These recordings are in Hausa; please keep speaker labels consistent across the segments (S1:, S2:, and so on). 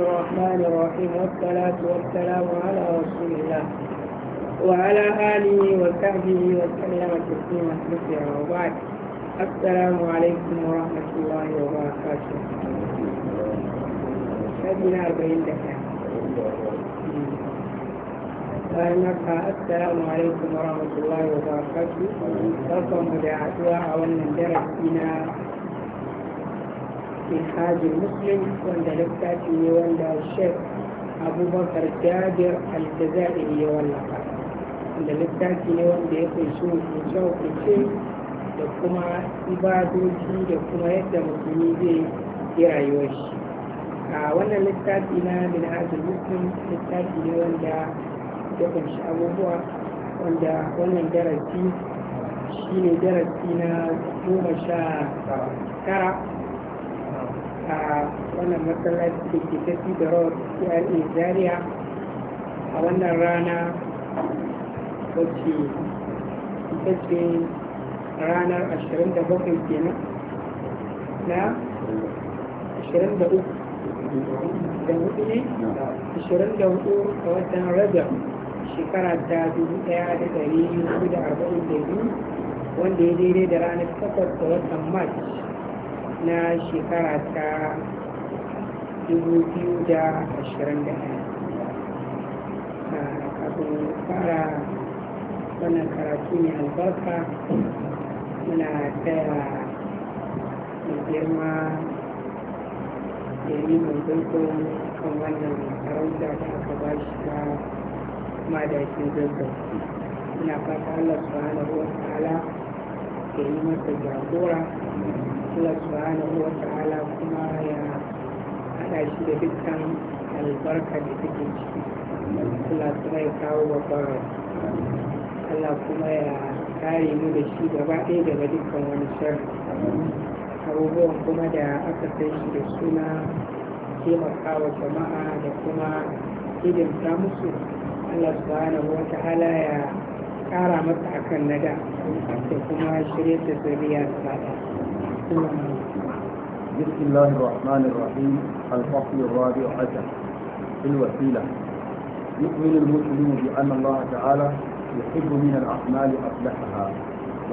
S1: الرحمن الرحيم والصلاة والسلام على رسول الله وعلى آله وصحبه وسلم تسليما كثيرا وبعد السلام عليكم ورحمة الله وبركاته شهدنا أربعين دقيقة السلام عليكم ورحمة الله وبركاته. wa barakatuh barkan mu ikajin muslim wanda littafi ne wanda shek abubakar jabir aljazairi ya wallafa wanda littafi ne wanda ya kunshi hukunce-hukunce da kuma ibadoji da kuma yadda musulmi zai yi rayuwar shi a wannan littafi na minhajul muslim littafi ne wanda ya kunshi abubuwa wanda wannan darasi shi ne darasi na goma sha a wannan masallaci ke tafi da road CRA Zaria a wannan rana wacce ita ce ranar 27 kenan na 23 da hudu ne 24 ga watan rajab shekara ta 1442 wanda ya daidai da ranar 8 ga watan march na shekara ta 2021 abin ah, fara wannan karatu ne albarka muna taya mai girma da yi mai zurko kan wannan karauta da aka ba shi da madakin zurko muna fata allah subhanahu wa ta'ala da yi masa jagora Allah subhanahu wa ta'ala kuma ya haɗa shi da dukkan albarka da take ciki Allah kuma ya kawo babbar Allah kuma ya kare mu da shi gaba ɗaya daga dukkan wani sharri abubuwan kuma da aka sai shi da suna taimakawa jama'a da kuma hidimta musu Allah subhanahu wa ta'ala ya kara masa akan nada da kuma shirye da zuriya sada بسم
S2: الله الرحمن الرحيم الفصل الرابع عشر الوسيلة يؤمن المسلم بأن الله تعالى يحب من الأعمال أصلحها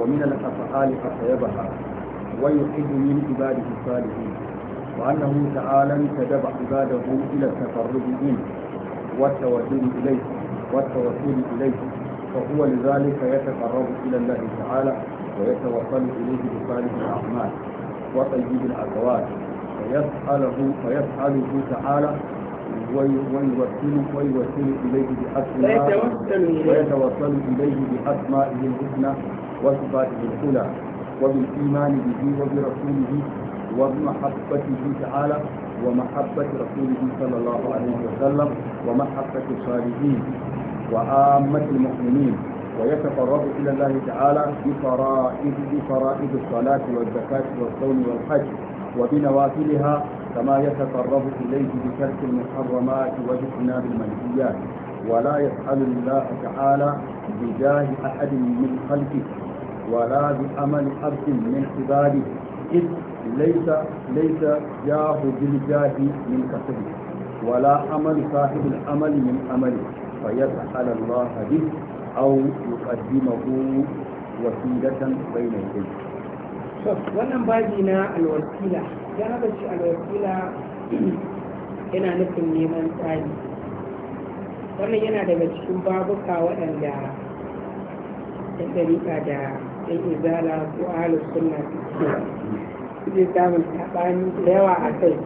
S2: ومن الأفعال أطيبها ويحب من عباده الصالحين وأنه تعالى انتدب عباده إلى التقرب منه والتوسل إليه والتوسل إليه فهو لذلك يتقرب إلى الله تعالى ويتوصل إليه بصالح الأعمال وطيب الأقوال فيسأله, فيسأله تعالى ويوصل ويوسل إليه بأسماء ويتوصل إليه بأسمائه الحسنى وصفاته الحلى وبالإيمان به وبرسوله وبمحبته تعالى ومحبة رسوله صلى الله عليه وسلم ومحبة الصالحين وعامة المؤمنين ويتقرب إلى الله تعالى بفرائض, بفرائض الصلاة والزكاة والصوم والحج وبنوافلها كما يتقرب إليه بترك المحرمات واجتناب المنهيات ولا يسأل الله تعالى بجاه أحد من خلقه ولا بأمل عبد من عباده إذ ليس ليس جاه بالجاه من كسبه ولا أمل صاحب الأمل من أمله فيسأل الله به au أو يقدمه وسيلة بين يديه
S1: wannan baji na alwakila ya haɗa shi alwakila yana nufin neman tsari wannan yana daga cikin babuka waɗanda ya ɗarika da ɗan izala ko suna sunna suke samun saɓani da yawa a kai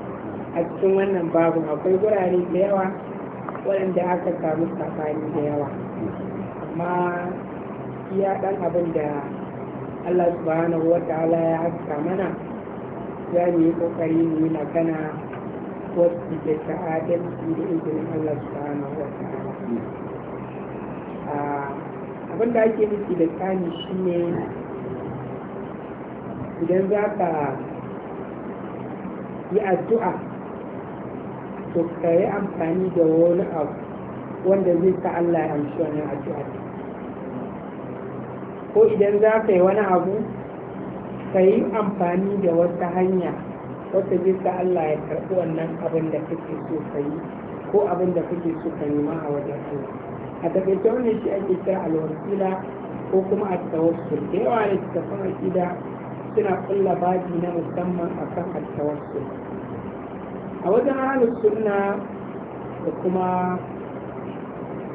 S1: a cikin wannan babu akwai gurare da yawa waɗanda aka samu saɓani da yawa amma iya ɗan abin da Allah subhanahu wa ta'ala ya haska mana za mu yi ƙoƙari mu yi magana wasu da ta'adalci da izinin Allah subhanahu wa ta'ala abin da ake nufi da tsani shine idan za ka yi addu'a to ka yi amfani da wani abu wanda zai sa Allah ya amshi wannan addu'a ko idan za ka yi wani abu ka yi amfani da wata hanya wata bisa Allah ya karɓi wannan abin da kake so ka yi ko abin da kake so ka nema a wajen Allah a takaice wannan shi ake kira alwasila ko kuma a tawassul da yawa ne suka san aƙida suna kulla babi na musamman akan a tawassul a wajen ahlus sunna da kuma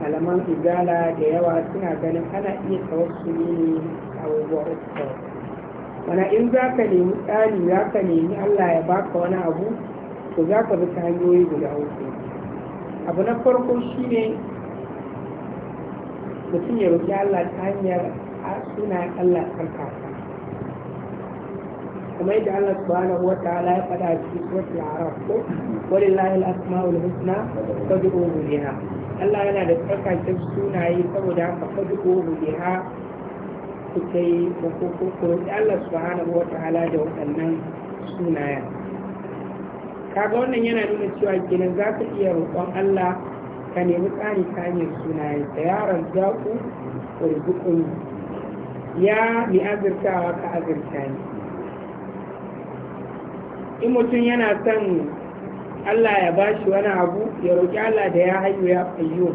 S1: malaman izala da yawa suna ganin ana iya tawassuli ne abubuwa uku wani in za ka nemi tsari za ka nemi allah ya baka wani abu to za ka bi ta hanyoyi guda uku abu na farko shine mutum ya roƙi allah ta hanyar suna allah tsarkaka Kuma yadda Allah subhanahu wa ta'ala ya faɗa a cikin suratul araf ko walillahi al-asma'ul husna fad'uhu biha Allah yana da tsarkakin sunaye saboda haka fadko biha kuka yi ko Allah subhanahu wa ta'ala da waɗannan sunayen kaga wannan yana nuna cewa kenan za ka iya roƙon Allah ka nemi tsari ta hanyar sunaye da yaron zaku rizqun ya mi azurtawa ka azurta ni in mutum yana son Allah ya bashi wani abu ya roƙi Allah da ya haihu ya fayyo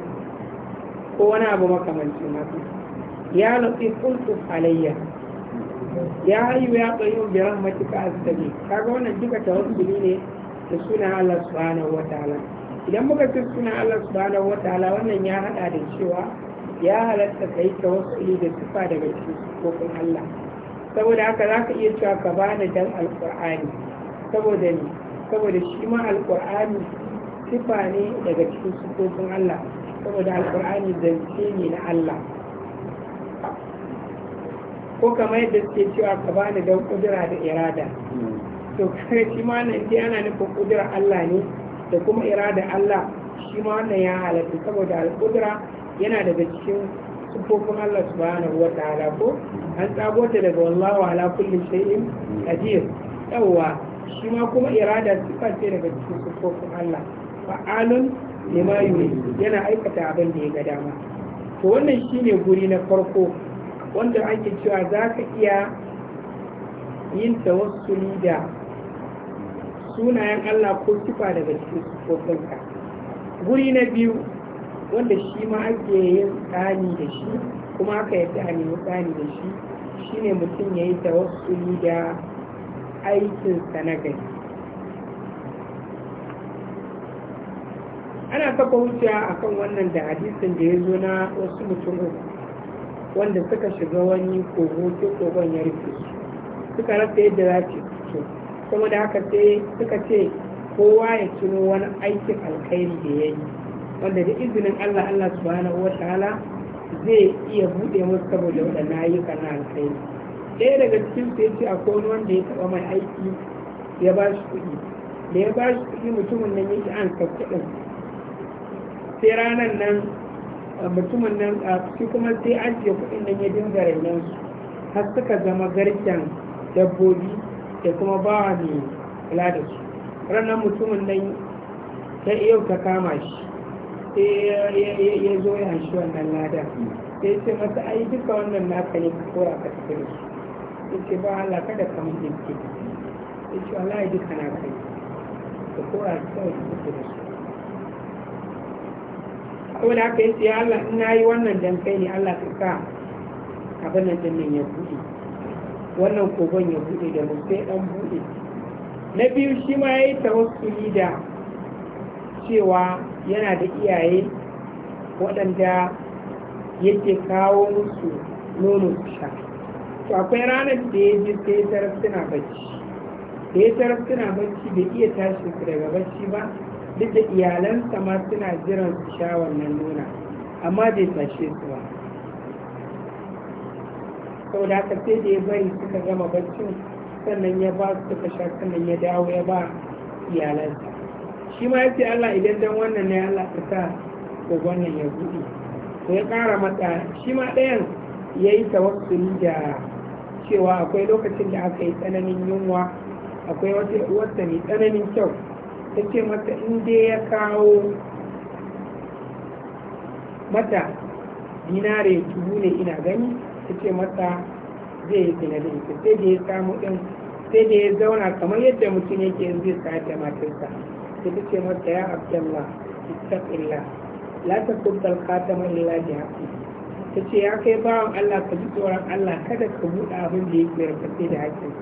S1: ko wani abu makamancin haka ya lafi kultu halayya ya haihu ya fayyo bi rahmatika astaghfir kaga wannan duka tawakkuli ne da sunan Allah subhanahu wataala idan muka ce sunan Allah subhanahu wataala wannan ya hada da cewa ya halatta kai tawakkuli da sifa daga cikin sifofin Allah saboda haka zaka iya cewa ka bani dan alqur'ani saboda ni saboda shi ma alƙur'ani sifa ne daga cikin sufofin Allah saboda alƙur'ani zance ne na Allah ko kamar yadda suke cewa ka bani don kudura da irada to kare shi ma nan dai ana nufin kudura Allah ne da kuma irada Allah shi ma wannan ya halatta saboda alƙudura yana daga cikin sufofin Allah subhanahu wa ta'ala ko an tsago ta daga wallahu ala kulli shay'in qadir yawwa shi ma kuma irada su ce daga cikin sufofin Allah fa'alun lima yana aikata abin da ya ga dama to wannan shi ne guri na farko wanda ake cewa za ka iya yin tawassuli da sunayen Allah ko sifa daga cikin sufofinka guri na biyu wanda shi ma ake yin tsani da shi kuma aka yi a tsani da shi shi ne mutum ya yi tawassuli da aikinsa na gari ana taba hujja a kan wannan da hadisin da ya zo na wasu mutum uku wanda suka shiga wani kogo sai kogon ya rufe su suka rasa yadda za su fito kuma da haka sai suka ce kowa ya tuno wani aikin alkhairi da ya yi wanda da izinin Allah Allah subhanahu wa ta'ala zai iya buɗe musu saboda waɗannan ayyukan na alkhairi ɗaya daga cikin su yace akwai wanda ya taɓa mai aiki ya ba shi kuɗi da ya ba shi kuɗi mutumin nan yake an kuɗin sai ranar nan mutumin nan a ciki kuma sai ajiye kuɗin nan ya dinga rainon su har suka zama garken dabbobi da kuma bawa mai kula da su ranar mutumin nan ta yau ta kama shi sai ya zo ya shi wannan lada. sai ce masa ai duka wannan naka ne ka kora ka tafi da su yake ba Allah kada ka mun na kai ya Allah in nayi wannan dan kai ne Allah ka sa abin nan din ya buɗe wannan kogon ya buɗe da sai dan buɗe na biyu shi ma yayi tawassuli da cewa yana da iyaye waɗanda yake kawo musu nono su sha to akwai ranar da ya ji sai tarar suna bacci da ya tarar suna bacci bai iya tashi su daga bacci ba duk da iyalansa ma suna jiran su sha wannan nuna amma bai tashe su ba sau da aka sai da ya bari suka gama baccin sannan ya ba su suka sha sannan ya dawo ya ba iyalansa shi ma ya ce Allah idan dan wannan ne Allah ka sa da wannan ya buɗe to ya ƙara mata shi ma ɗayan ya yi tawakkuli da cewa akwai lokacin da aka yi tsananin yunwa akwai wata wata mai tsananin kyau ta ce mata inda ya kawo mata dinare dubu ne ina gani ta ce mata zai yi zina ta sai da ya samu ɗin sai da ya zauna kamar yadda mutum yake in zai sa da matarsa ta ce mata ya abdallah ittaqillah la ta khatama illa bi haqqi ta ce ya kai bawan Allah ka ji tsoron Allah kada ka buɗe abin da yake rikace da hakkin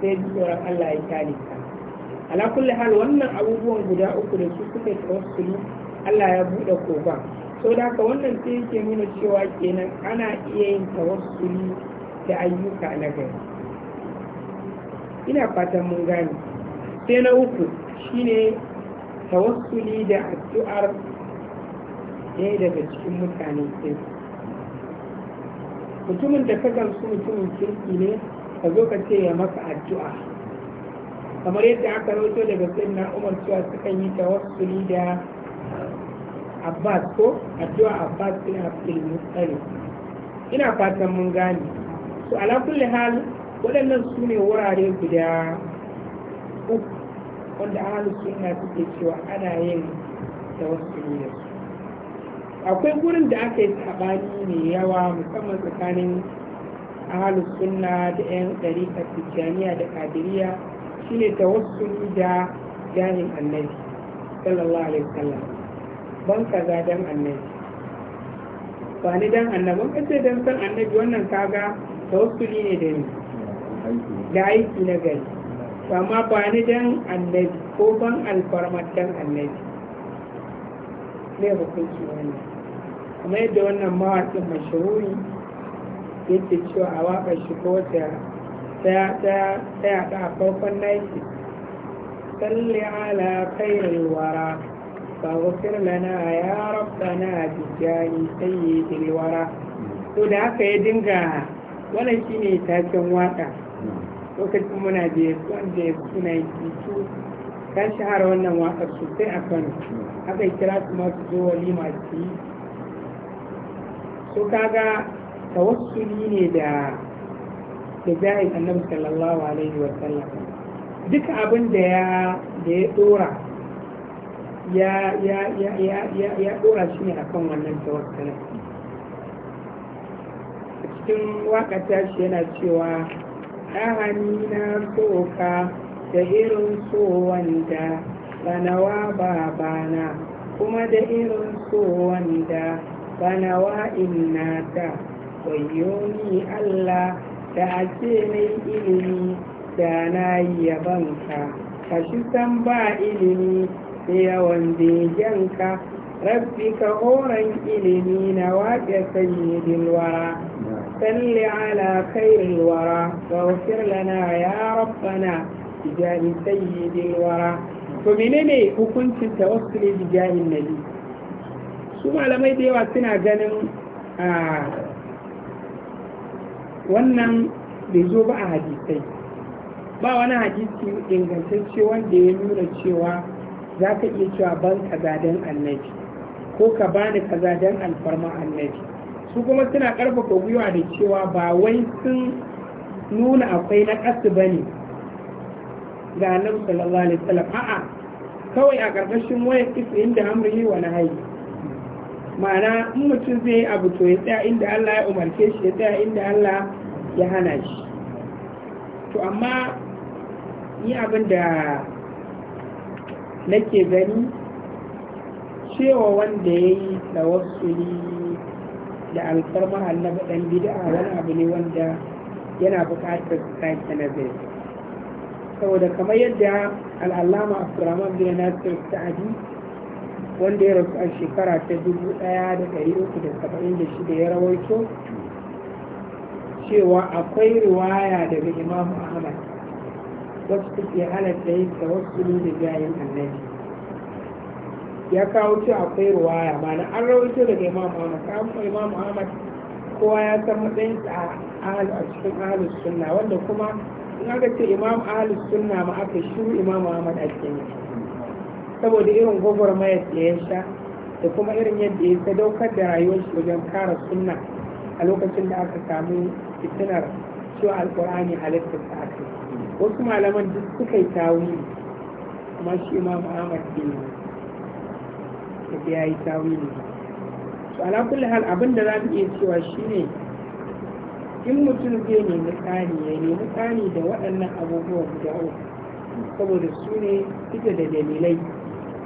S1: sai ji tsoron Allah ya kyale ka ala kulli hal wannan abubuwan guda uku da su suka tawassulu Allah ya buɗe ba, sau da haka wannan sai yake nuna cewa kenan ana iya yin tawassuli da ayyuka na gari ina fatan mun gane sai na uku shine tawassuli da addu'ar ɗaya daga cikin mutane sai mutumin da ka gamsu mutumin kirki ne ka zo ka ce ya maka addu'a kamar yadda aka rauto daga sayyidina Umar cewa sukan yi tawassuli da Abbas ko addu'a Abbas bin Abdul Muttalib ina fatan mun gane to ala kulli hal waɗannan su ne wurare guda uku wanda ahlus sunna suke cewa ana yin tawassuli da su akwai gurin da aka yi saɓani mai yawa musamman tsakanin ahalus sunna da 'yan ɗariƙar tijjaniya da kadiriya shine wasu da janin annabi sallallahu alaihi wasallam ban kaza dan annabi ba ni dan annabi ka ce dan san annabi wannan kaga wasu ne da ni da aiki na gari amma ba ni dan annabi ko ban alfarmar dan annabi ne hukunci wannan kuma yadda wannan mawaƙin mashahuri yake cewa a waƙar shi ko wata ta yaɗa a farkon naiki salli ala khairul wara faghfir lana ya rabbana bi jahi sayyidil wara to da haka ya dinga wannan shine taken waƙa lokacin muna da wanda ya na yi ta shahara wannan waƙar sosai a kano aka kira su masu zo walima su yi so kaga tawassuli ne da da jayin annabi sallallahu alaihi wa sallam duk abin da ya da ya dora ya ya ya ya ya dora shi ne akan wannan tawassulin cikin wakata shi yana cewa ɗahani na soka da irin so wanda sanawa babana kuma da irin so wanda wa inna ta wayyoni Allah da ake mai ilimi da na yi yabanka ka shi san ba ilimi da yawan janka rabbi ka horon ilimi na waƙe sayyidin wara salli ala khairil wara gawfir lana ya rabbana bijahi sayyidil wara to menene hukuncin tawassuli bijahin nabi su malamai da yawa suna ganin a wannan bai zo ba a hadisai ba wani hadisi ingantacce wanda ya nuna cewa za ka iya cewa ban kaza annabi ko ka bani kaza alfarma annabi su kuma suna karfafa gwiwa da cewa ba wai sun nuna akwai na ƙasu ba ne ga nan sallallahu alaihi a'a kawai a ƙarƙashin wayar kisa inda amrihi wa nahayi ma'ana in mutum zai yi abu to ya tsaya inda Allah ya umarce shi ya tsaya inda Allah ya hana shi to amma yi abin da nake gani cewa wanda ya yi tawassuli da na annabi dan bid'a wani abu ne wanda yana buƙatar sake nazari saboda kamar yadda al'allama abdurrahman bin nasir sa'adi wanda ya rasu a shekara ta 1376 ya rawaito cewa akwai riwaya daga imamu ahmad wasu suke halatta yin tawassulu da jayin annabi ya kawo cewa akwai riwaya mana an rawaito daga imamu ahmad kawo imamu ahmad kowa ya san matsayin a a cikin ahalus sunna wanda kuma in aka ce imam ahalus sunna ma aka shiru imamu ahmad a cikin saboda irin gwagwarmayar da ya sha da kuma irin yadda ya daukar da rayuwar shi wajen kara sunna a lokacin da aka samu fitinar cewa alkur'ani halittar ta aka wasu malaman duk suka yi tawili kuma shi imam ke ne da ya yi tawili su ala kulli hal abin da za mu iya cewa shine in mutum zai nemi tsani ya nemi tsani da waɗannan abubuwan guda uku saboda su ne fita da dalilai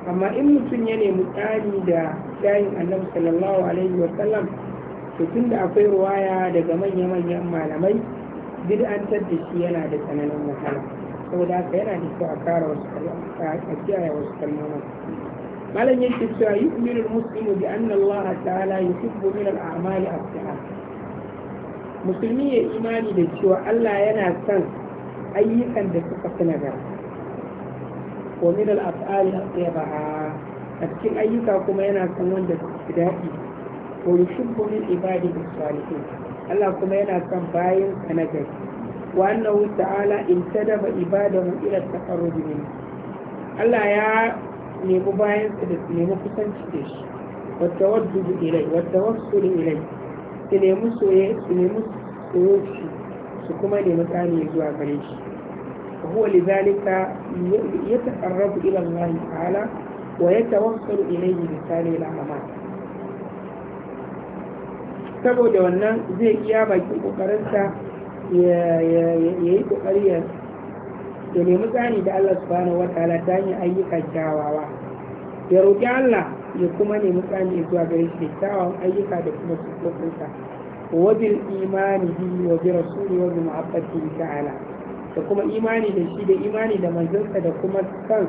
S1: amma in mutum ya nemi tsari da tsayin annabi sallallahu alaihi wa sallam to tunda akwai ruwaya daga manya-manyan malamai bid'antar da shi yana da tsananin wahala saboda haka yana da kyau a kara wasu a kiyaye wasu kalmomin malam yake cewa yu'minu al-muslimu bi anna Allah ta'ala yuhibbu min al-a'mali as-salih musulmi ya imani da cewa Allah yana son ayyukan da suka fi nagara wa min al-af'ali at-tayyibaha a cikin ayyuka kuma yana son wanda su daɗi wa yushibbu min ibadihi salihin Allah kuma yana son bayan ka na wa annahu ta'ala intadaba ibadahu ila at-taqarrub min. Allah ya nemi bayan su da su nemi kusanci da shi wa tawaddudu ilai wa tawassul ilai su nemi soye su nemi soye su kuma nemi tsani zuwa gare shi فهو لذلك يتقرب إلى الله تعالى ويتوصل إليه بتالي الأعمال saboda wannan zai iya baki kokarinsa ya yi kokari ya nemi tsari da Allah subhanahu wataala ta hanyar ayyukan kyawawa ya roƙi Allah ya kuma nemi zuwa gare shi da ayyuka da kuma sukokinsa wa imani bi wa bi rasuli wa da kuma imani da shi da imani da manzansa da kuma san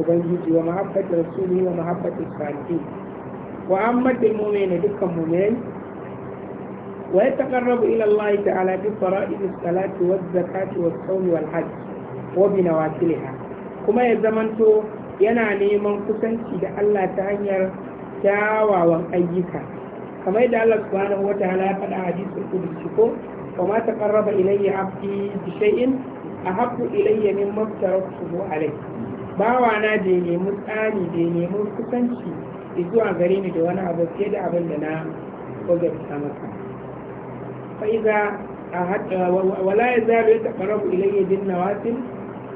S1: ubangiji wa mahabbata rasuli wa mahabbata salihin wa ammadil mu'mina dukkan mu'minai wa yataqarrabu ila Allah ta'ala bi fara'id as-salati wa zakati wa sawm wal hajj wa bi nawafiliha kuma ya zamanto yana neman kusanci da Allah ta hanyar kyawawan ayyuka kamar da Allah subhanahu wa ta'ala ya faɗa hadisul qudsi ko وما تقرب إلي عبدي بشيء أحب إلي مما افترضته عليه باوانا bai nemi tsari bai nemi kusanci zuwa gare ni da wani abu fiye da abin da na kogarta masa fa'iza wala ya zalo ya taɓarabu ilayya bin nawafil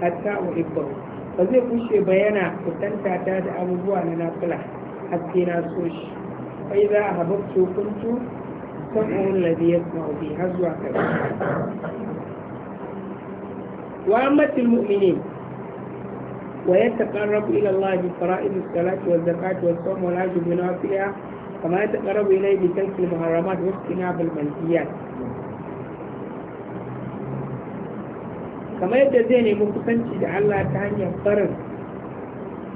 S1: hatta uhibbahu ba zai kushe ba yana kusanta ta da abubuwa na nafila haske na so shi a habaktu kuntu السمع الذي يسمع به هزوا كذا وعامة المؤمنين ويتقرب إلى الله بفرائض الصلاة والزكاة والصوم والحج بنوافلها كما يتقرب إليه بتلك المحرمات واجتناب المنهيات كما يتزيني zai على kusanci da Allah ta hanyar barin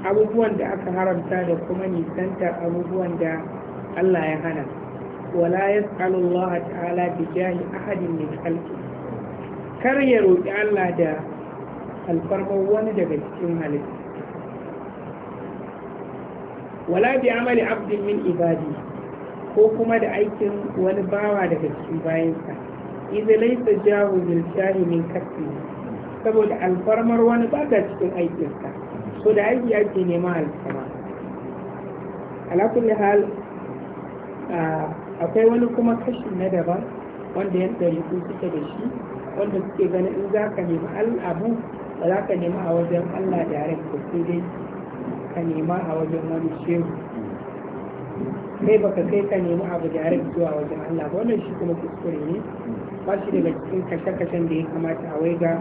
S1: abubuwan da aka haramta da kuma nisantar abubuwan da Allah ya hana wala yas'alu Allah ta'ala bi jahi ahadin min khalqi kar ya roki Allah da alfarman wani daga cikin halitta wala bi amali abdin min ko kuma da aikin wani bawa daga cikin bayansa idza laysa jahu bil jahi min kasbi saboda alfarmar wani ba ta cikin aikinsa so da aiki ake nema alfarma ala kulli hal akwai wani kuma kashi na daban wanda yan ɗariƙu suke da shi wanda suke ganin in za ka nemi al'abu ba za ka nemi a wajen allah da direct ba sai dai ka nema a wajen wani shehu kai ba ka kai ka nemi abu da direct zuwa wajen allah ba wannan shi kuma kuskure ne ba shi daga cikin kashe-kashen da ya kamata a wai waiga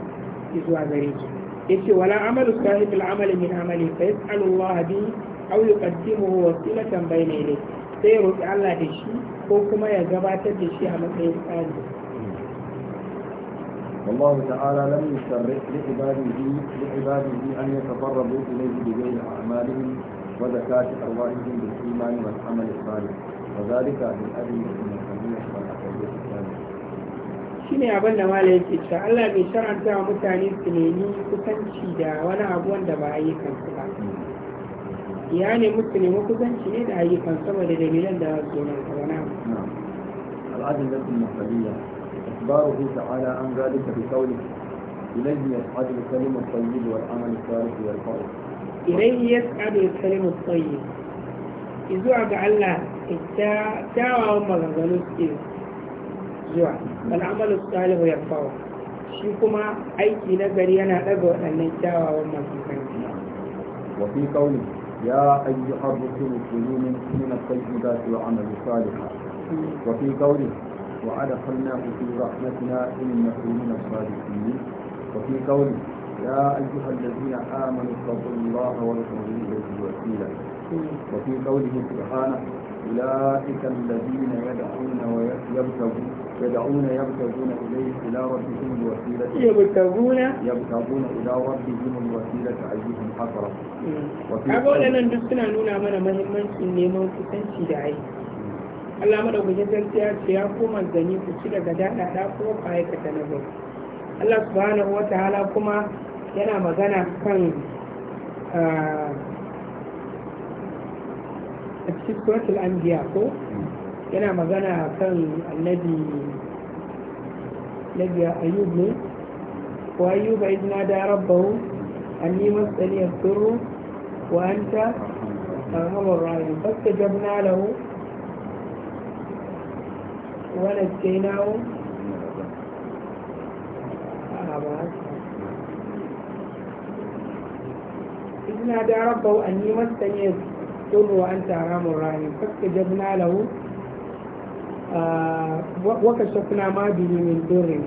S1: zuwa gare shi yace wala amalu sahib al-amali min amali fa yas'alu Allah bi aw yuqaddimuhu wasilatan bayna ilayhi sai roki Allah da shi ko kuma ya gabatar da shi a matsayin tsari
S2: والله تعالى لم يسرع لعباده لعباده ان يتقربوا اليه بغير اعمالهم وزكاه ارواحهم بالايمان والعمل الصالح وذلك من اجل المسلمين والاقوياء الثانيه.
S1: shine abin da mala yake cewa Allah bai shar'anta wa mutane su nemi kusanci da wani abu wanda ba yi kansu ba. Hmm. ya nemi su nemi kusanci ne da ayyukan sama da dalilan da ke nan kawana
S2: العدلة المثلية ya تعالى عن ذلك بقوله إليه يصعد
S1: الكلم الطيب والعمل الصالح يرفعه إليه يصعد الكلم الطيب zuwa ga Allah ita kyawawan maganganu suke zuwa al'amalu salihu ya fawa shi kuma aiki na gari yana ɗaga waɗannan kyawawan maganganu
S2: wa kauli يا أيها الرسل كلوا من الطيبات وعملوا صالحا وفي قوله وأدخلناه في رحمتنا إنه من الصالحين وفي قوله يا أيها الذين آمنوا اتقوا الله واتقوا إليه الوسيلة وفي قوله سبحانه أولئك الذين يدعون ويبتغون يدعون يبتغون إليه إلى ربهم الوسيلة
S1: يبتغون
S2: يبتغون إلى ربهم الوسيلة أيهم أقرب أقول أنا
S1: ندخل نونا من مهمة نيمان كتنشي دعي Allah madaukakin sarki ya ce ya koma zani ku ci daga dada da kuma ku aikata na gari. Allah subhanahu wa ta'ala kuma yana magana kan a cikin suratul anbiya ko yana magana kan annabi nabi ayyub ne wa ayyuba idh nada rabbahu anni masani yasurru wa anta arhamur rahim fastajabna lahu wa najaynahu إذ نادى ربه أني مسني قل وأنت أرام الراحمين فاستجبنا له آه، وكشفنا ما به من ضر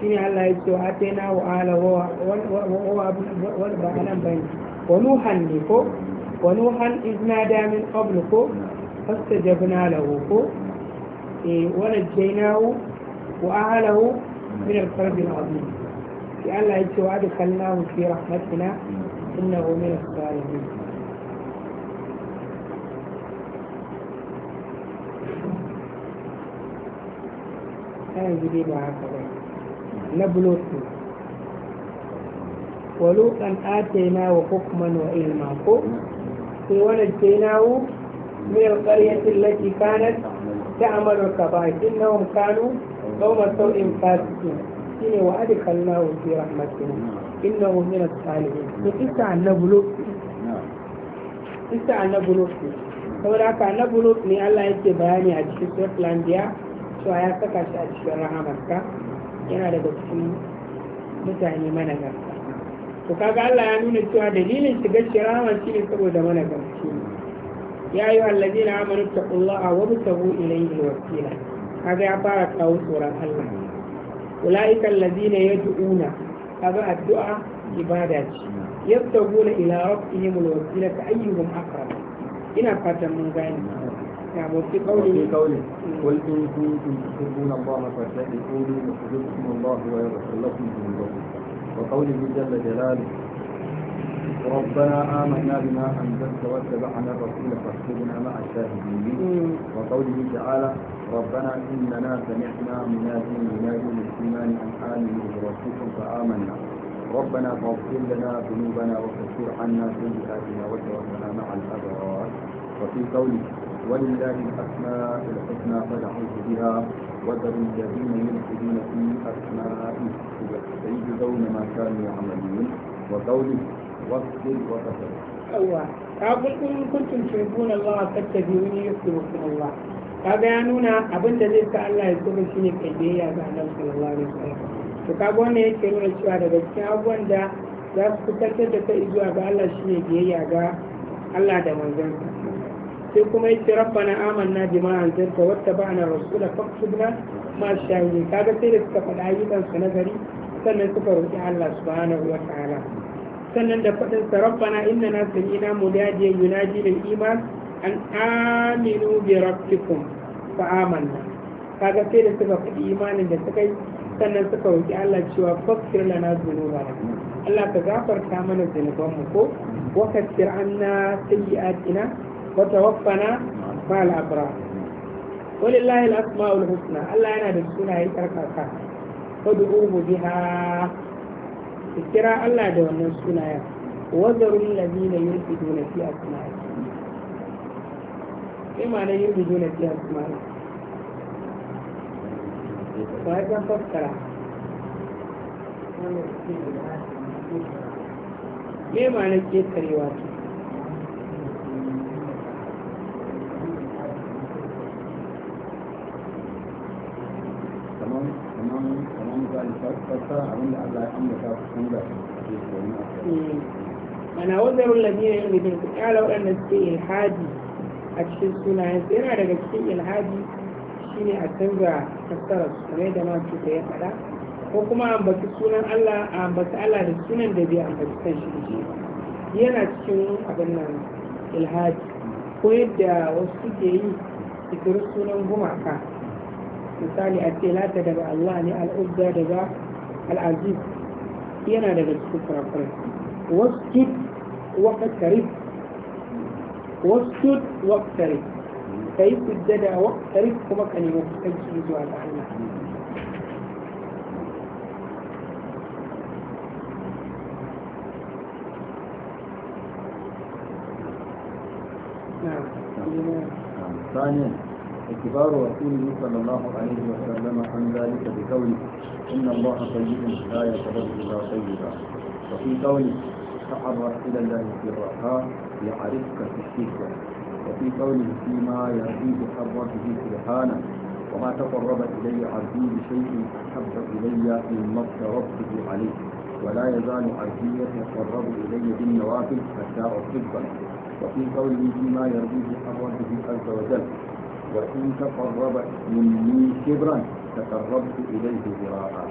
S1: شيء الله يسوع أتينا وآله وألم بين ونوحا لكو ونوحا إذ نادى من قبلكو فاستجبنا له كو ونجيناه وأهله من الكرب العظيم لأن الله يسوع أدخلناه في رحمتنا إنه من الصالحين har yanzu dai ba haka ba na bulot ne walu kan wa hukman wa ilma ko sai wani tainawo min alqaryati allati kanat ta'malu kabahin nahum kanu qawma sau'in shine wa adkhalnahu fi rahmatina innahu min as na to saboda haka na ne Allah yake bayani a cikin suratul cewa ya saka shi a cikin rahamarka yana daga cikin mutane managarta to kaga Allah ya nuna cewa dalilin shiga shi rahama shi ne saboda managarci ya yi wallazi na amanu taqullaha wa butahu ilayhi wasila kaga ya fara kawo tsoron Allah ya allazina yad'una kaga addu'a ibada ce yabtaguna ila rabbihim alwasila ayyuhum aqrab ina fatan mun gani ya mutu kauli kauli قل إن
S2: كنتم تحبون الله فاتبعوني يحببكم الله ويغفر لكم ذنوبكم وقوله جل جلاله ربنا آمنا بما أنزلت واتبعنا الرسول فاكتبنا مع الشاهدين وقوله تعالى ربنا إننا سمعنا منادي منادي للإيمان أن آمنوا برسولكم فآمنا ربنا فاغفر لنا ذنوبنا وكفر عنا سيئاتنا وتوفنا مع الأبرار وفي قوله ولله الأسماء الحسنى فدعوه بها وذروا الذين يلحدون في أسمائه سيجزون ما كانوا يعملون وقوله واصبر وتصبر
S1: أيوة أقول إن كنتم تحبون الله فاتبعوني يحببكم الله kaga ya nuna abin da zai sa Allah ya so shi ne kai biyayya ga Annabi sallallahu alaihi to kaga wannan yake nuna cewa daga cikin abubuwan da za su fitar da kai zuwa ga Allah shi ne biyayya ga Allah da manzansa sai kuma yace rabbana amanna bima anzalta wattaba'na rasula faktubna ma shahidin kaga sai da suka faɗa ayyukan su gari sannan suka roƙi Allah subhanahu wa ta'ala sannan da faɗin sa rabbana innana sami'na munadiyan yunaji lil iman an aminu bi rabbikum fa amanna kaga sai da suka faɗi imanin da suka yi sannan suka roƙi Allah cewa fakfir lana dhunubana Allah ka gafarta mana zunubanmu ko wa kaffir anna sayyi'atina وتوفنا مع الأبرار ولله الأسماء الحسنى الله أنا دسونا يتركك فادعوه بها kira Allah da wannan sunaya wazarun lazina yulfiduna fi asma'i me ma'ana yulfiduna fi asma'i ba ya fassara me ma'ana ketarewa mana wazar lamina yin rubin ku kyala waɗanda suke ilhadi a cikin sunayen yana daga cikin ilhadi shine a canza fassarar su kamar yadda masu ta ya faɗa ko kuma ambaci sunan Allah a ambaci Allah da sunan da bai ambaci kan shi da shi yana cikin abin nan ilhadi ko yadda wasu suke yi su sunan gumaka misali a ce lata daga Allah ne al'udda daga al'aziz yana daga cikin kurakurai wasjud waqtarib wasjud waqtarib kai sujjada waqtarib kuma ka nemi kusanci zuwa ga Allah
S2: ثانيا اعتبار رسوله صلى الله عليه وسلم عن ذلك بقوله إن الله طيب لا يقبل إلا طيبا وفي قوله تعرف إلى الله في الرخاء يعرفك في الشدة وفي قوله فيما يهديه حرته سبحانه وما تقرب إلي عبدي بشيء أحب إلي مما افترضته عليه ولا يزال عبدي يتقرب إلي بالنوافل حتى أحبه وفي قوله فيما يرضيه عن عز وجل وإن تقرب مني شبرا تقربت إليه ذراعا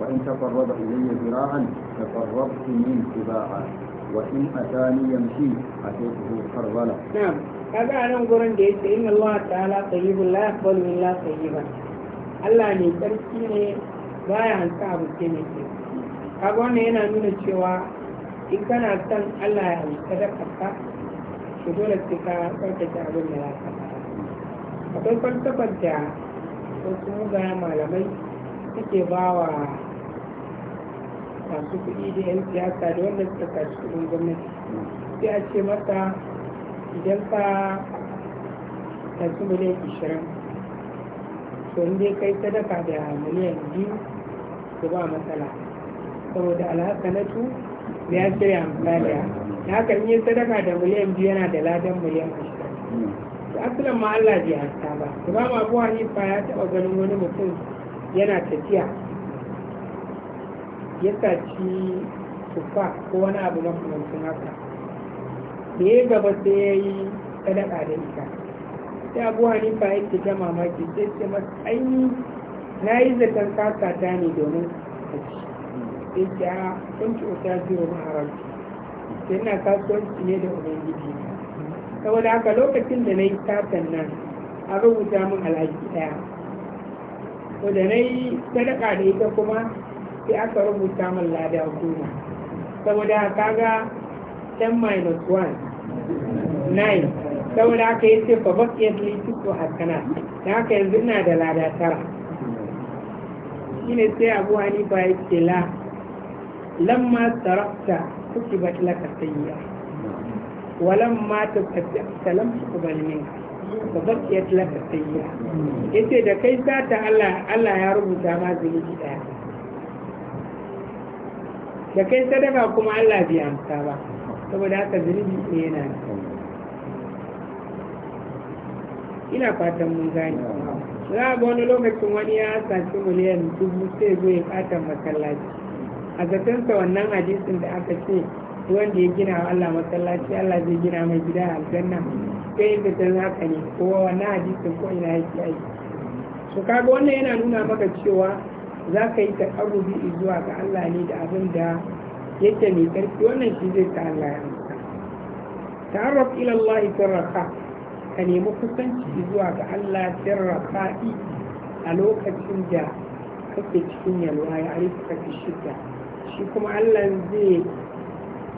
S2: وإن تقرب إلي ذراعا تقربت منه سباعا وإن أتاني يمشي أتيته خربلا
S1: نعم هذا أنا أقول إن الله تعالى طيب لا يقبل من الله طيبا Allah ne tsarki ne baya hanta abu ke ne ke kaga wannan yana nuna cewa in kana son Allah ya halitta da kanka to dole sai ka tsarkake abin da ya faɗa akwai falsafar da wasu mugayen malamai suke ba wa masu kuɗi da 'yan siyasa da wanda suka kashi kudin gwamnati sai a ce masa idan ka kashi miliyan ishirin to inda kai sadaka da miliyan biyu to ba matsala saboda alhassanatu da ya shirya misali da haka in yi sadaka da miliyan biyu yana da ladan miliyan ashirin to asalin ma Allah bai halitta ba imam abu hanifa ya taba ganin wani mutum yana tafiya ya saci tufa ko wani abu makamancin haka da ya gaba sai ya yi sadaka da ita sai abu hanifa ya ke ta mamaki sai ce masa ai na yi zaton kasa ta ne domin sai ce a kun ci uta biyu na haramci sai na kasuwanci ne da ubangiji saboda haka lokacin da na yi satan nan a rubuta min alhaji ɗaya ko da na yi sadaka da ita kuma sai aka rubuta min lada goma saboda ga 10 minus 1 9 saboda haka ya ce fa bakiyar a hassana da haka yanzu ina da lada tara shine sai abu hanifa ya ce la lamma kuke kuki batlaka sayyi'a walan ma ta salamtu qabal minka fa bakiyat laka sayya hmm. yace da kai sata Allah Allah ya rubuta ma zunubi daya da kai sadaka kuma Allah bai amsa ba saboda haka zunubi ɗaya yana ina fatan mun gane za ga wani lokacin wani ya saci miliyan dubu sai zo ya masallaci a zaton sa wannan hadisin da aka ce wanda ya gina wa Allah masallaci Allah zai gina mai gida a aljanna sai da san haka ne ko wani hadisin ko ina yake ai Su kaga wannan yana nuna maka cewa za ka yi taƙarrubi zuwa ga Allah ne da abin da yake mai karfi wannan shi zai ta Allah ya mutu ta'arraf ila Allah ka nemi kusanci zuwa ga Allah sirraka'i a lokacin da kake cikin yalwa ya arifa kake shidda shi kuma Allah zai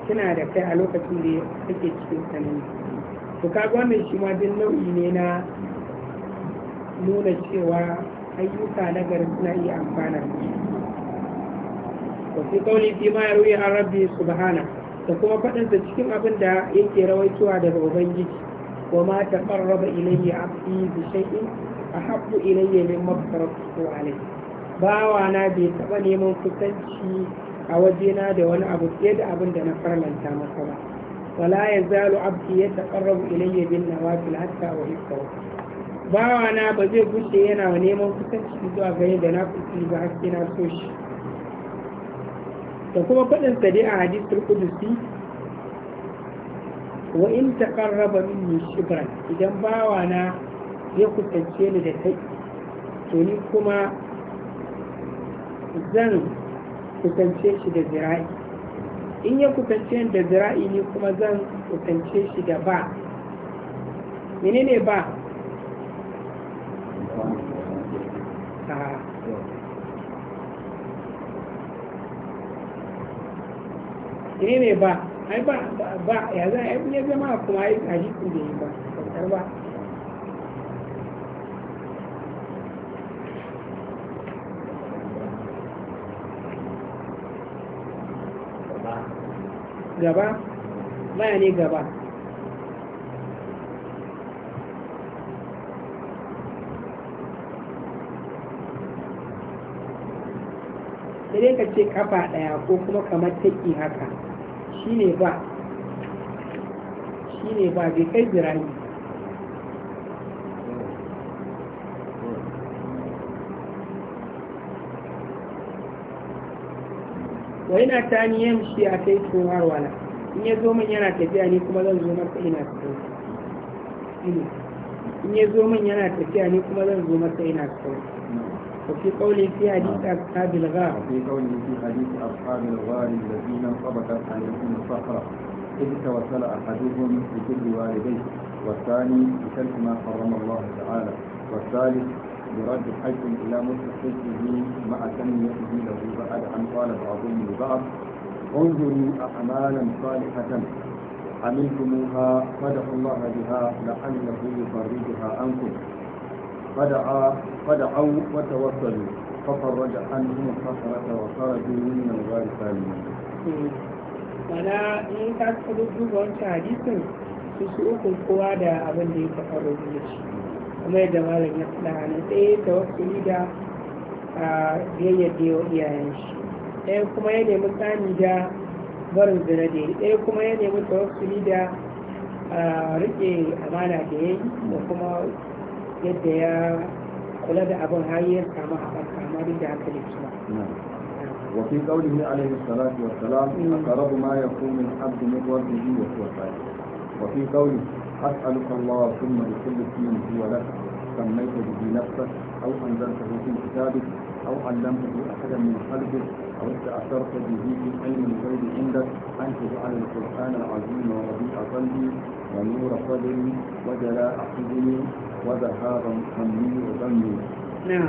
S1: suna da kai a lokacin da kake cikin tsanani to kaga wannan shi ma din nau'i ne na nuna cewa ayyuka na gari suna iya amfana da fi kauli fi ma yaruyi an rabbi subhana da kuma da cikin abin da yake rawaitowa daga ubangiji wa ma ta qarraba ilayya abdi bi shay'in ahabbu ilayya min mafsaratu alayhi bawa na bai taɓa neman kusanci a wajena da wani abu fiye da abin da na farlanta masa ba wala ya zalu abdi ya taqarrabu ilayya bin nawafil hatta wa hikka bawa na ba zai gushe yana neman kusanci zuwa gare da na kusi ba haske na so shi da kuma faɗin sa dai a hadisul qudusi wa in taqarraba minni shibran idan bawa na ya kusance ni da kai to ni kuma zan kusance shi da zira'i in ya kusance da zira'i ne kuma zan kusance shi da ba menene ba ne ne ba ai ba ba, ya za a yi zama kuma ai hadisin da yi ba ba gaba bayani ne gaba sai ka ce kafa ɗaya ko kuma kamar taƙi haka shi ne ba shi ne ba bai kai zirani wa yana tani yamshi a kai turar wala in ya zo min yana tafiya ni kuma zan zo masa ina tsoro in ya zo min yana tafiya ni kuma zan zo masa ina tsoro وفي قوله في حديث
S2: أصحاب الغار وفي قوله في حديث أصحاب الغار الذين صبقت عليهم الصخرة إذ توسل أحدهم بكل والديه والثاني بترك ما حرم الله تعالى والثالث يرد حج إلى مستحقه مع تنميته له بعد أن قال بعضهم لبعض انظروا أعمالا صالحة عملتموها فدعوا الله بها لعله يفرجها عنكم فدعا فدعوا وتوصلوا ففرج عنهم الحسرة وخرجوا من الغار سالمين.
S1: Mana in ka duba wancan hadisin su su uku kowa da abin da ya taɓa rubuta shi. kuma yadda malam ya faɗa a nan ɗaya tawakkuli da biyayyar da yau iyayen shi ɗaya kuma ya nemi tsani da barin zina da yi ɗaya kuma ya nemi ta tawakkuli da riƙe amana da ya yi da kuma yadda ya kula da abin har kama a haɓaka amma duk da haka da
S2: ba. وفي قوله عليه الصلاة والسلام أقرب ما يكون العبد من ربه وهو صالح وفي قوله أسألك الله ثم لكل اسم هو لك سميت به نفسك أو أنزلته في كتابك أو علمته أحدا من خلقك أو استأثرت به في علم الغيب عندك أن تجعل القرآن العظيم وربيع قلبي ونور صدري وجلاء حزني وذهاب همي وذمي. نعم.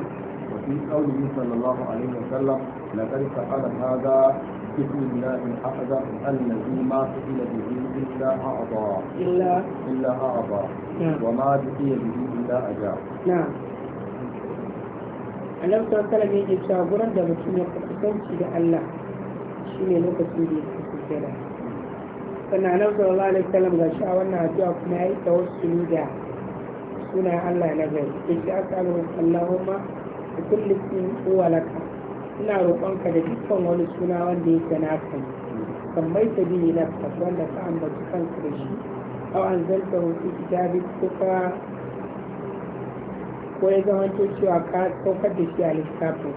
S2: وفي قوله صلى الله عليه وسلم لذلك قال هذا بسم الله الأحد الذي ما سئل به إلا أعضى إلا إلا أعضى نعم وما بقي به إلا أجاب
S1: نعم annabi sallallahu alaihi wasallam yake cewa gurin da mutum ya kusanci da Allah shine lokacin da sannan annabi sallallahu alaihi wasallam ga shi a wannan addu'a kuma yayi tawassuli da sunan Allah na gari yake aka Allahumma kulli ismin huwa laka ina roƙonka da dukkan wani suna wanda ke naka ne kan mai ta biyu na wanda ka ambaci kanka da shi a an zanta hutu ita ko ka ko ya zama to cewa ka saukar da shi a littafin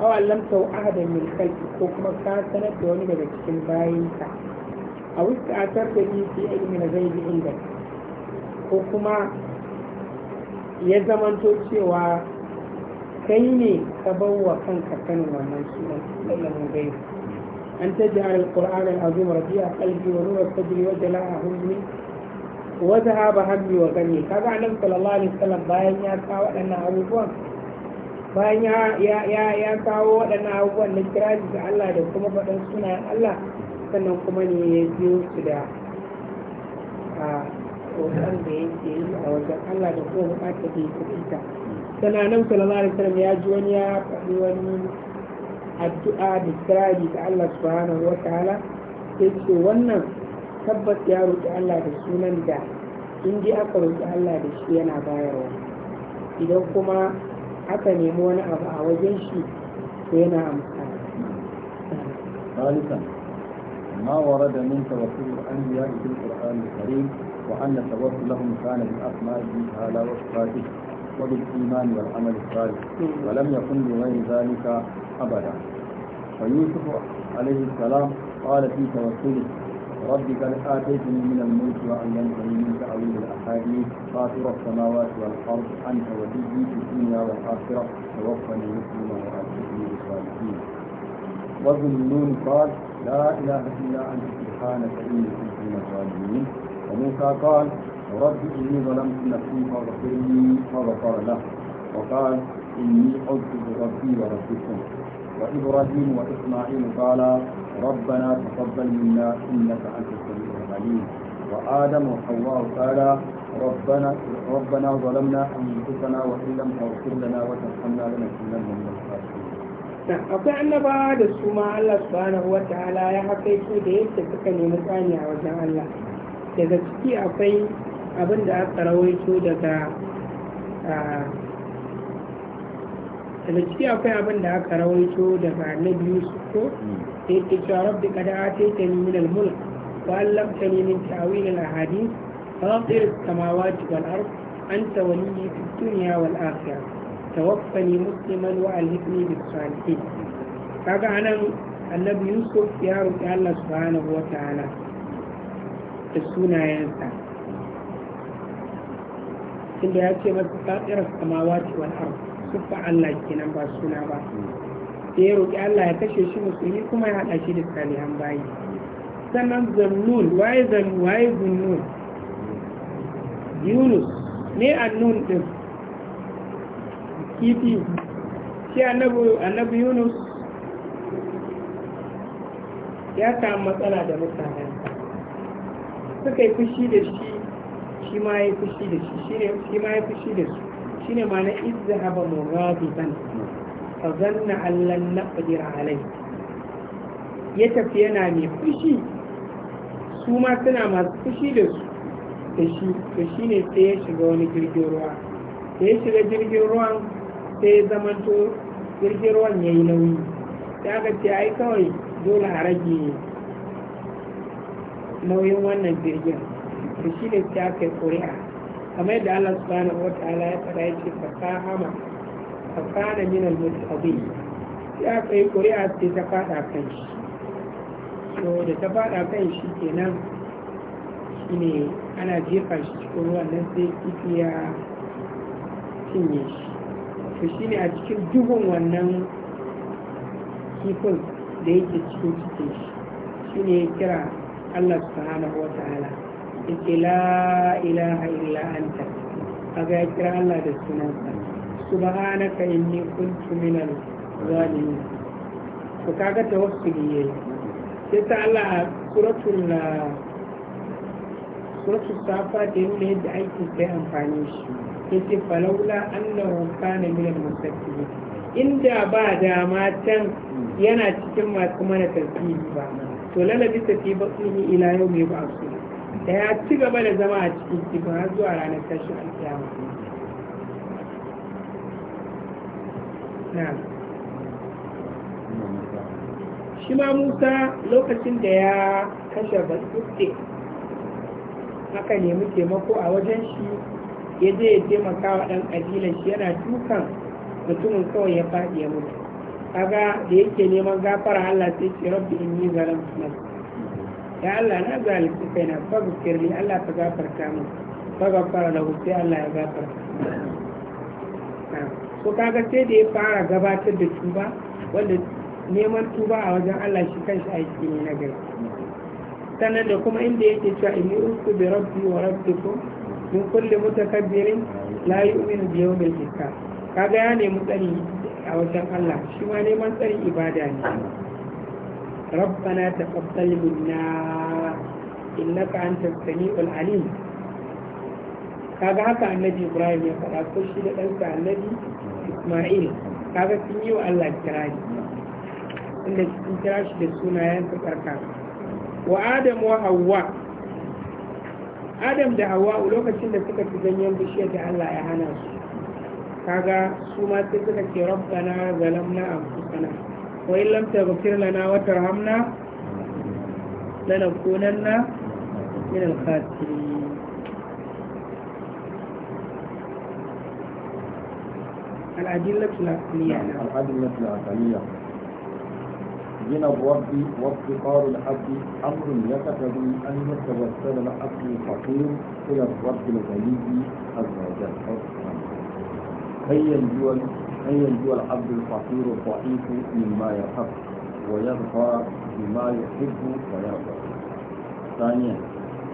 S1: a an lamta ahada min kalki ko kuma ka sanar da wani daga cikin bayanka? a wuce a tarda ni fi ilmi na bi inda ko kuma ya zamanto cewa kai ne ka bawa kanka kan wannan sunan sallamin gaibu an taj'al al-qur'ana al'azim azim rabi'a qalbi wa nura sadri wa jala'a hummi wa dhahaba hammi wa ghammi kaga annabi sallallahu alaihi wasallam bayan ya kawo waɗannan abubuwan bayan ya ya ya kawo waɗannan abubuwan na kirari ga Allah da kuma faɗan sunayen Allah sannan kuma ne ya biyo su da a hoton da yake yi a wajen Allah da kuma buƙatar da ya fita sana nan sallallahu alaihi wasallam ya ji wani ya faɗi wani addu'a da kirari ga Allah subhanahu wa ta'ala sai ce wannan tabbas ya roƙi Allah da sunan da in ji aka roƙi Allah da shi yana bayarwa idan kuma aka nemi wani abu a wajen shi to yana amfani
S2: ثالثا ما ورد من توسل الانبياء في القران الكريم وان توسلهم كان بالاسماء تعالى وصفاته وبالإيمان والعمل الصالح ولم يكن بغير ذلك أبدا فيوسف عليه السلام قال في توسله ربك قد آتيتني من الملك وعلمتني من تأويل الأحاديث فاطر السماوات والأرض أنت وليي في الدنيا والآخرة توفني مسلما وألحقني بالصالحين وذو النون قال لا إله إلا أنت سبحانك إني كنت من الظالمين وموسى قال رب إني ظلمت نفسي فاغفر لي فغفر له وقال إني عدت بربي وربكم وإبراهيم وإسماعيل قال ربنا تقبل منا إنك أنت السميع العليم وآدم وحواء قال ربنا ربنا ظلمنا أنفسنا وإن لم تغفر لنا وترحمنا لنكونن من الخاسرين
S1: نعم اطعنا بعد su ma Allah subhanahu wa ta'ala ya haka يا da الله suka nemi tsani abin da aka rawaito daga da ciki akwai abin da aka rawaito daga biyu su ko da hmm. yake cewa rabbi kada ataita ni min al-mulk wa allamtani min ta'wil al-ahadith fatir as-samawati wal ard anta waliyyi fid dunya wal akhirah tawaffani musliman wa alhiqni bis salihin kaga anan annabi yusuf ya roki Allah subhanahu wa ta'ala da sunayensa inda ya ce masu fatsirar samawati wal ard sufa Allah kenan ba suna ba sai ya roƙi Allah ya kashe shi musulmi kuma ya haɗa shi da salihan bayi sannan zannun waye zannun waye zannun yunus ne annun din kifi shi annabi yunus ya samu matsala da mutanen suka yi fushi da shi shi ma ya fushi da shi shi ne ma ya fushi da su shi ne ma na izhaba muradiban fa zanna allan naqdir alai ya tafi yana mai fushi su ma suna masu fushi da su da shi to shi ne sai ya shiga wani jirgin ruwa da ya shiga jirgin ruwan sai ya zamanto jirgin ruwan ya yi nauyi sai aka ce ai kawai dole a rage nauyin wannan jirgin to shi ne ta kai kuri'a kamar da Allah subhanahu wa ta'ala ya yake ya hama fasahama fasana min al-mutabi ya kai kuri'a sai ta faɗa kan shi to da ta faɗa kan shi kenan shi ne ana jefa shi cikin ruwan nan sai kifi ya cinye shi to shi ne a cikin dubun wannan kifin da yake cikin cikin shi shi ne ya kira Allah subhanahu wa ta'ala yake la ilaha illa anta kaga ya kira Allah da sunansa subhanaka inni kuntu minal zalimin to kaga tawassuli yayi sai ta Allah suratul suratul safa da nuna yadda aiki sai amfani shi yace falaula annahu kana minal mustaqim inda ba dama can yana cikin masu mana tarfi ba to lalabi tafi batsuhi ila yau mai ba su da ya ci gaba da zama a cikin kifin har zuwa ranar tashin alkiyama shi ma musa lokacin da ya kashe basuke aka nemi taimako a wajen shi ya je ya taimaka wa ɗan ƙabilan shi yana dukan mutumin kawai ya faɗi ya mutu kaga da yake neman gafara allah sai ce rabbi in yi zalam nafsi ya Allah na zalunci na faghfir kirli Allah ka gafarta min fara da sai Allah ya gafarta ko kaga sai da ya fara gabatar da tuba wanda neman tuba a wajen Allah shi kanshi aiki ne na gari sannan da kuma inda yake cewa yi ustu bi rabbi wa rabbikum min kulli mutakabbirin la yu'minu bi yawmil hisab kaga ya nemi tsari a wajen Allah shi ma neman tsari ibada ne ربنا تقبل منا إنك أنت السميع العليم kaga haka annabi ibrahim ya faɗa ko shi da ɗansa annabi isma'il kaga sun yi wa allah kirari inda sun shi da adam wa adam da hawa lokacin da suka fi ganyen bishiyar da allah ya hana su kaga su ma sai suka ce rabbana zalamna anfusana وإن لم تغفر لنا وترحمنا لنكونن من الخاسرين الأدلة
S2: العقلية الأدلة العقلية من الرب وافتقار الحد أمر يقتضي أن يتوسل العقل الفقير إلى الرب الغني عز وجل هيا ينجو أن هو العبد الفقير الضعيف مما يحب ويرضى بما يحب ويرضى ثانيا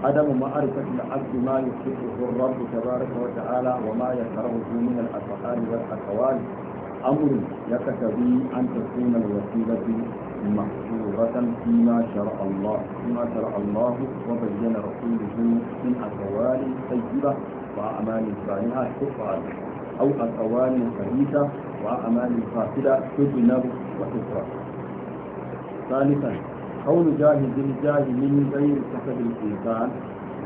S2: عدم معرفة العبد ما يحبه الرب تبارك وتعالى وما يكرهه من الأفعال والأقوال أمر يكتفي أن تكون الوسيلة محصورة فيما شرع الله فيما شرع الله وبين رسوله من أقوال طيبة وأعمال صالحة تفعل أو أقوال خبيثة وأعمال فاسدة تجنب وتكره ثالثا قول جاهل الجاهل من غير كسب الإنسان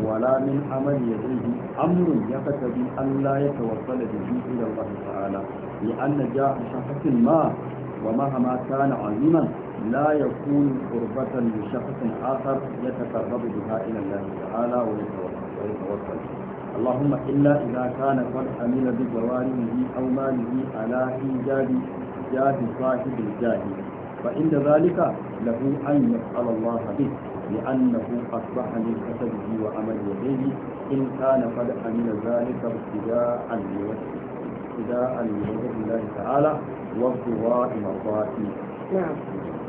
S2: ولا من عمل يديه أمر يقتضي أن لا يتوصل به إلى الله تعالى لأن جاه شخص ما ومهما كان عظيما لا يكون قربة لشخص آخر يتقرب بها إلى الله تعالى ويتوصل اللهم إلا إذا كان قد حمل بجوارحه أو ماله على إيجاد جاه صاحب الجاه فإن ذلك له أن يسأل الله به لأنه أصبح من كسبه وعمل يديه إن كان قد حمل ذلك ابتداء لوجهه ابتداء لوجه الله تعالى وارتضاء مرضاته.
S1: نعم.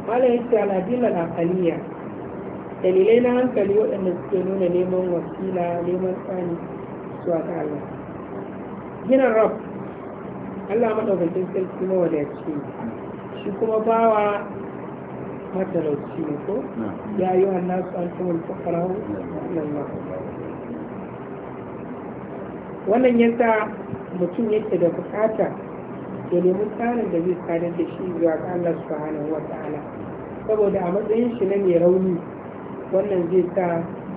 S1: قال يسأل الأدلة العقلية dalilai na hankali waɗanda suke nuna neman wasila neman tsani zuwa Allah gina rab Allah madaukakin sarki na shi kuma bawa matalauci ne ko ya yi wa nasu an kuma fukara wannan yasa mutum yake da bukata da nemi tsarin da zai tsarin da shi zuwa ga Allah subhanahu wa ta'ala saboda a matsayin shi na mai rauni wannan zai sa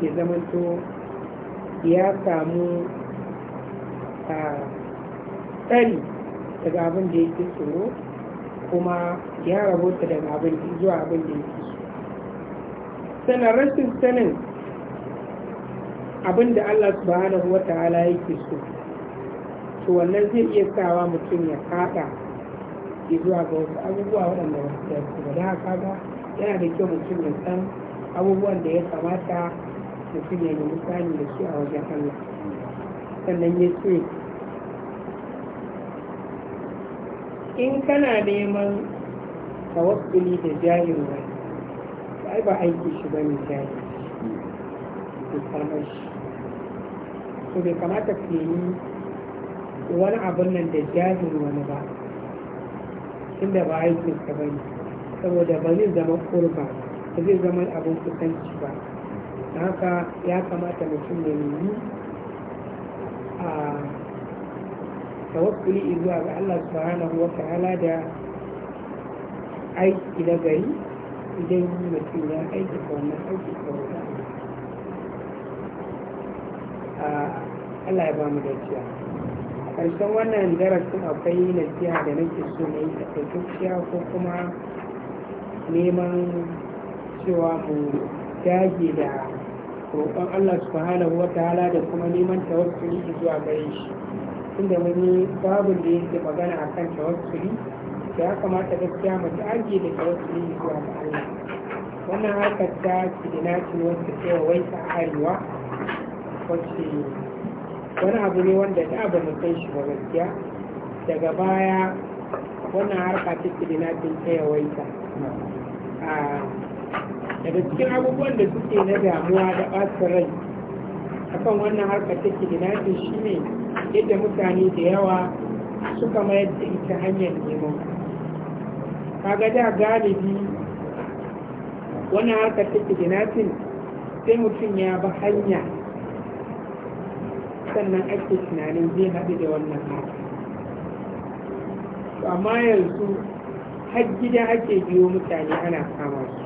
S1: ya zamanto ya samu tsari daga abin da yake tsoro kuma ya rahota daga abin da zuwa abin da yake so sanar rashin sanin abin da Allah subhanahu wa ta'ala yake so to wannan zai iya sawa mutum ya fada zuwa ga wasu abubuwa waɗanda ba su da haka ba yana da kyau mutum ya san abubuwan da ya kamata mutum ya da misali da shi a wajen Allah sannan ya ce in kana neman tawakkuli da jayin wani ai ba aiki shi ba ne jarin shi kalmar shi to bai kamata ka yi wani abun nan da jayin wani ba inda ba aikin ka ba ne saboda ba zai zama kurba ba zai zama abin kusanci ba haka ya kamata mutum ya nemi a tawakkuli zuwa ga Allah subhanahu wa ta'ala da aiki da gari idan mutum ya aiki wannan aiki kawai Allah ya ba mu da ciya ƙarshen wannan darasin akwai ciya da nake so na yi a ko kuma neman cewa mu dage da roƙon Allah subhanahu wa ta'ala da kuma neman tawassuli zuwa gare shi tunda wani babu da yake magana akan tawassuli da ya kamata gaskiya mace dage da tawassuli zuwa ga Allah wannan harkar ta kidinacin wacce ke wai ta arewa wacce wani abu ne wanda da abu mutum shi ba gaskiya daga baya wannan harka ta kidinacin ta daga cikin abubuwan da suke na damuwa da ɓata rai kan wannan harkar ta shi shine yadda mutane da yawa suka mayar da ita hanyar neman kaga da galibi wannan harkar ta kidnapping sai mutum ya bi hanya sannan ake tunanin zai haɗu da wannan harkar amma yanzu har gida ake biyo mutane ana kama su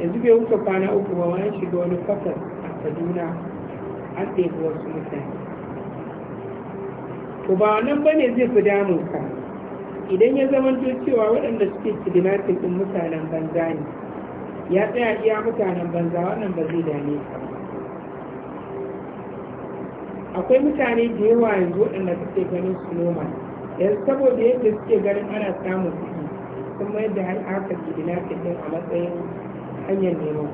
S1: yanzu bai wuce kwana uku ba wani shiga wani kwafar a kaduna an ɗebi wasu mutane to ba wannan ba ne zai fi damun ka idan ya zamanto cewa waɗanda suke kidnapping ɗin mutanen banza ne ya tsaya iya mutanen banza wannan ba zai dame ka ba akwai mutane da yawa yanzu waɗanda suke ganin su noma yanzu saboda yadda suke ganin ana samun kuɗi kuma yadda har aka kidnapping ɗin a matsayin hanyar nemo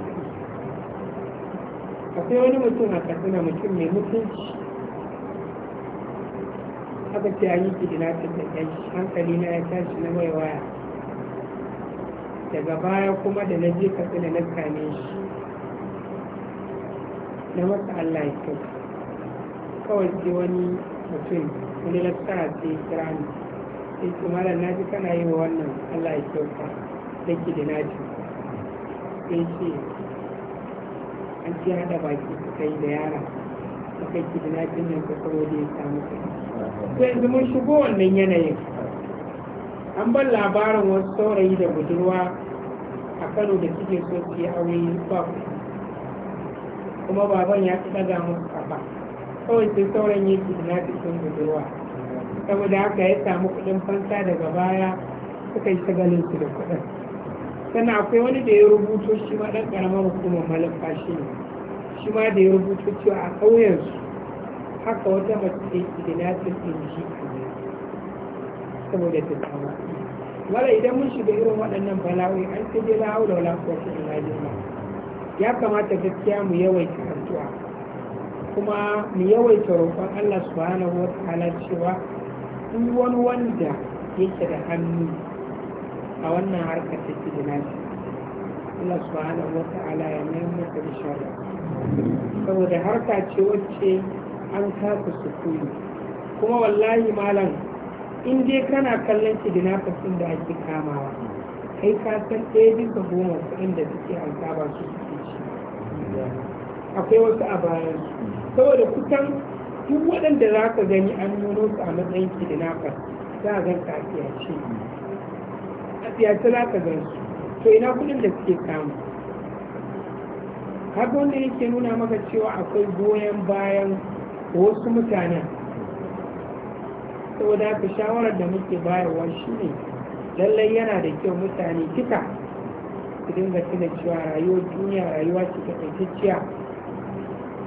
S1: akwai wani mutum a katsina mutum mai mutunci haka ce an yi kidina da tafiya, hankali na ya tashi na mai waya daga baya kuma da na je katsina na kame shi na masa Allah ya kyau kawai sai wani mutum wani lattara ce kirani sai kuma da na ji kana yi wa wannan Allah ya kyau ka da ce sai ce an ce hada baki suka yi da yara suka yi kidnapping nan ta saboda ya samu kai to yanzu mun shigo wannan yanayin an bar labarin wasu saurayi da budurwa a kano da suke so su yi aure ba kuma baban ya fi ɗaga musu kafa kawai sai sauran yi kidnapping sun budurwa saboda haka ya samu kuɗin fansa daga baya suka yi shagalin su da kuɗin sannan akwai wani da ya rubuto shi ma ɗan ƙaramar hukumar malaka shi ne shi ma da ya rubuto cewa a ƙauyensu haka wata mace na kidnapping ɗin shi a ne saboda ta tsama wala idan mun shiga irin waɗannan bala'o'i an sai dai la'au da wala kuwa shi ina ya kamata gaskiya mu yawaita addu'a kuma mu yawaita roƙon Allah subhanahu wa ta'ala cewa duk wani wanda yake da hannu a wannan harkar ta ke da nashi Allah subhanahu wa ta'ala ya mai mata da shari'a saboda harka ce wacce an kasa sukuni kuma wallahi malam in dai kana kallon kidnappers da ake kamawa kai ka san ɗaya bisa goma kuɗin da suke alkaba su suke ci akwai wasu a bayan saboda kusan duk waɗanda za ka gani an nuno su a matsayin kidnappers za a gan ke a ce ya ta za ka gan su to ina kudin da suke samu haka wanda yake nuna maka cewa akwai goyon bayan wasu mutanen saboda haka shawarar da muke bayarwa shine lallai yana da kyau mutane kika su dinga tuna cewa rayuwar duniya rayuwa ce ta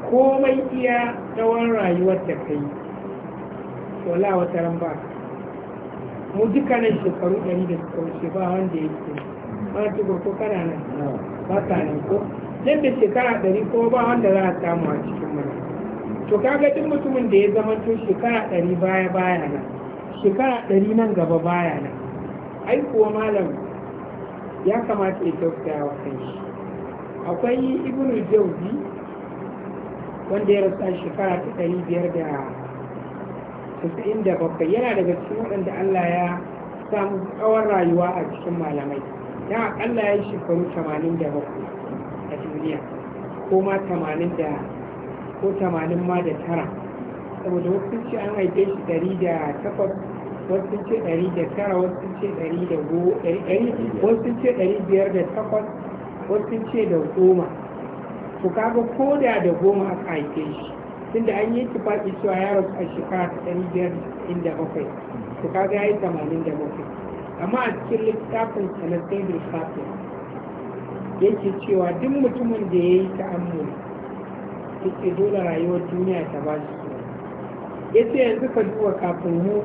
S1: Ko komai iya tsawon rayuwar da kai wala wata ran mu dukkanin shekaru ɗari da suka wuce ba wanda ya ce ba tukur ko kana nan ba ta nan ko nan da shekara dari ko ba wanda za a samu a cikin mana to kaga duk mutumin da ya zama to shekara dari baya baya nan shekara dari nan gaba baya nan ai kuwa malam ya kamata ya kyautaya wa shi akwai ibnu jawzi wanda ya rasa shekara ta biyar da tasirin da babba yana daga cikin waɗanda Allah ya samu tsawon rayuwa a cikin malamai don aƙalla ya yi shekaru tamanin da a duniya ko ma tamanin ko ma da tara saboda wasu ce an haife shi 108 wasu ce 109 wasu ce wasu ce 508 wasu ce da goma to kaga ko da goma aka haife shi tunda an yi tufafi cewa ya rasu a shekara ta ɗari biyar inda bakwai to kaga ya yi tamanin da bakwai amma a cikin littafin sanadai da shafi yake cewa duk mutumin da ya yi ta'ammuli yake dole rayuwar duniya ta ba shi ya ce yanzu ka duba kafin mu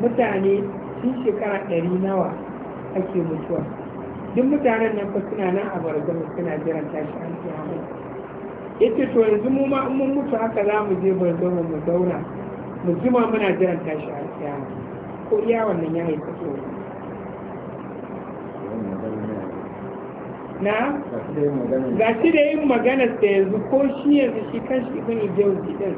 S1: mutane sun shekara ɗari nawa ake mutuwa duk mutanen nan fa suna nan a barzahu suna jiran tashi an kiyama yace to yanzu mu ma mun mutu haka za mu je zama mu zauna mu jima muna jiran tashi a kiyama ko iya wannan ya haifa tsoro na ga shi da yin magana da yanzu ko shi yanzu shi kan shi ibn jauzi din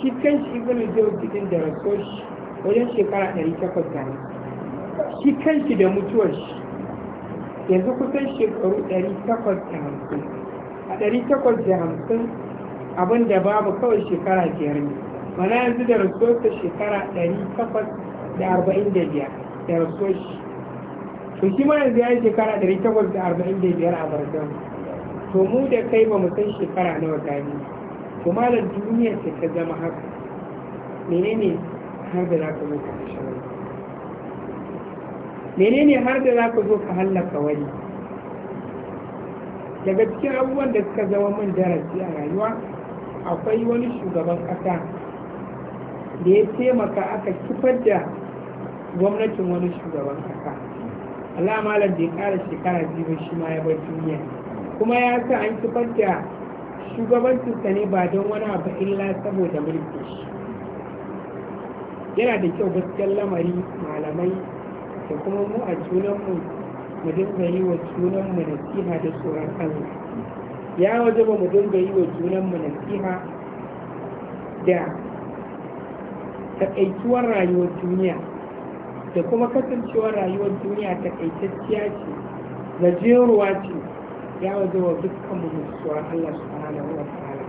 S1: shi kan shi ibn jauzi din da rasoshi shi wajen shekara 800 da shi kan shi da mutuwar shi yanzu kusan shekaru 850 ɗari takwas da hamsin abin da babu kawai shekara biyar ne mana yanzu da rasuwarsa shekara ɗari takwas da arba'in da biyar da shi to shi ma yanzu ya yi shekara ɗari takwas da arba'in da biyar a barzan to mu da kai ba mu san shekara nawa gani to malar duniya ce ta zama haka menene har da za ka zo ka kashe wani menene har da za ka zo ka hallaka wani daga cikin abubuwan da suka zama min darasi a rayuwa akwai wani shugaban ƙasa da ya taimaka aka kifar da gwamnatin wani shugaban ƙasa alamalar malam ya ƙara shekara biyu shi ma ya bar duniya kuma ya sa an kifar da shugabancinsa ne ba don wani abu illa saboda mulki shi yana da kyau gaskiyar lamari malamai da kuma mu a junanmu mu dinga yi wa junanmu nasiha da tsoron Allah ya waje ba mu dinga yi wa junanmu nasiha da takaituwar rayuwar duniya da kuma kasancewar rayuwar duniya takaitacciya ce gajeruwa ce ya waje wa dukkan mu tsoron Allah subhanahu wa ta'ala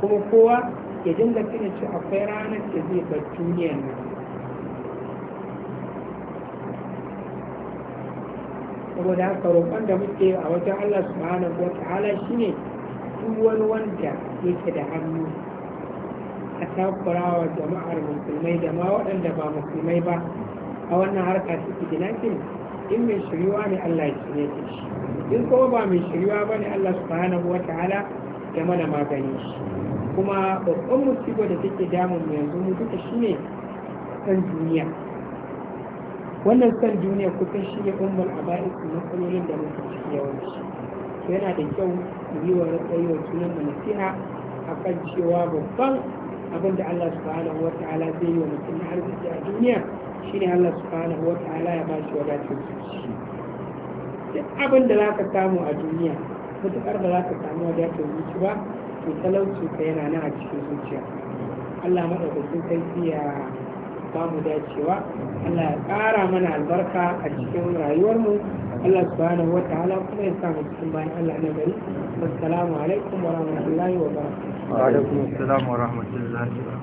S1: kuma kowa ya dinga tuna ci akwai ranar da zai bar duniyar nan saboda haka roƙon da muke a wajen Allah subhanahu wa ta'ala shine duk wani wanda yake da hannu a takurawa jama'ar musulmai da ma waɗanda ba musulmai ba a wannan harka ta kidnapping in mai shiriwa ne Allah ya shirye ta shi in kuma ba mai shiriwa ba ne Allah subhanahu wa ta'ala ya mana magani shi kuma babban musibo da take damun yanzu mu duka shine kan duniya wannan san duniya kusan shi ya umar a bayan su kullun da mun ci yawanci yana da kyau mu yi wa rayuwa sunan da nasiha akan cewa babban abin da Allah subhanahu wa ta'ala zai yi wa mutum na arziki a duniya shine Allah subhanahu wa ta'ala ya bashi wadatar zuci duk abin da zaka samu a duniya mutukar da zaka samu wadatar zuci ba to talauci ka yana nan a cikin zuciya Allah madaukakin kai ya mu dacewa Allah ya ƙara mana albarka a cikin rayuwarmu Allah subhanahu wa ta'ala kuma ya samu cikin bayan Allah na gari assalamu alaikum wa rahmatullahi wa barakatuh wa alaikum
S2: assalam wa rahmatullahi wa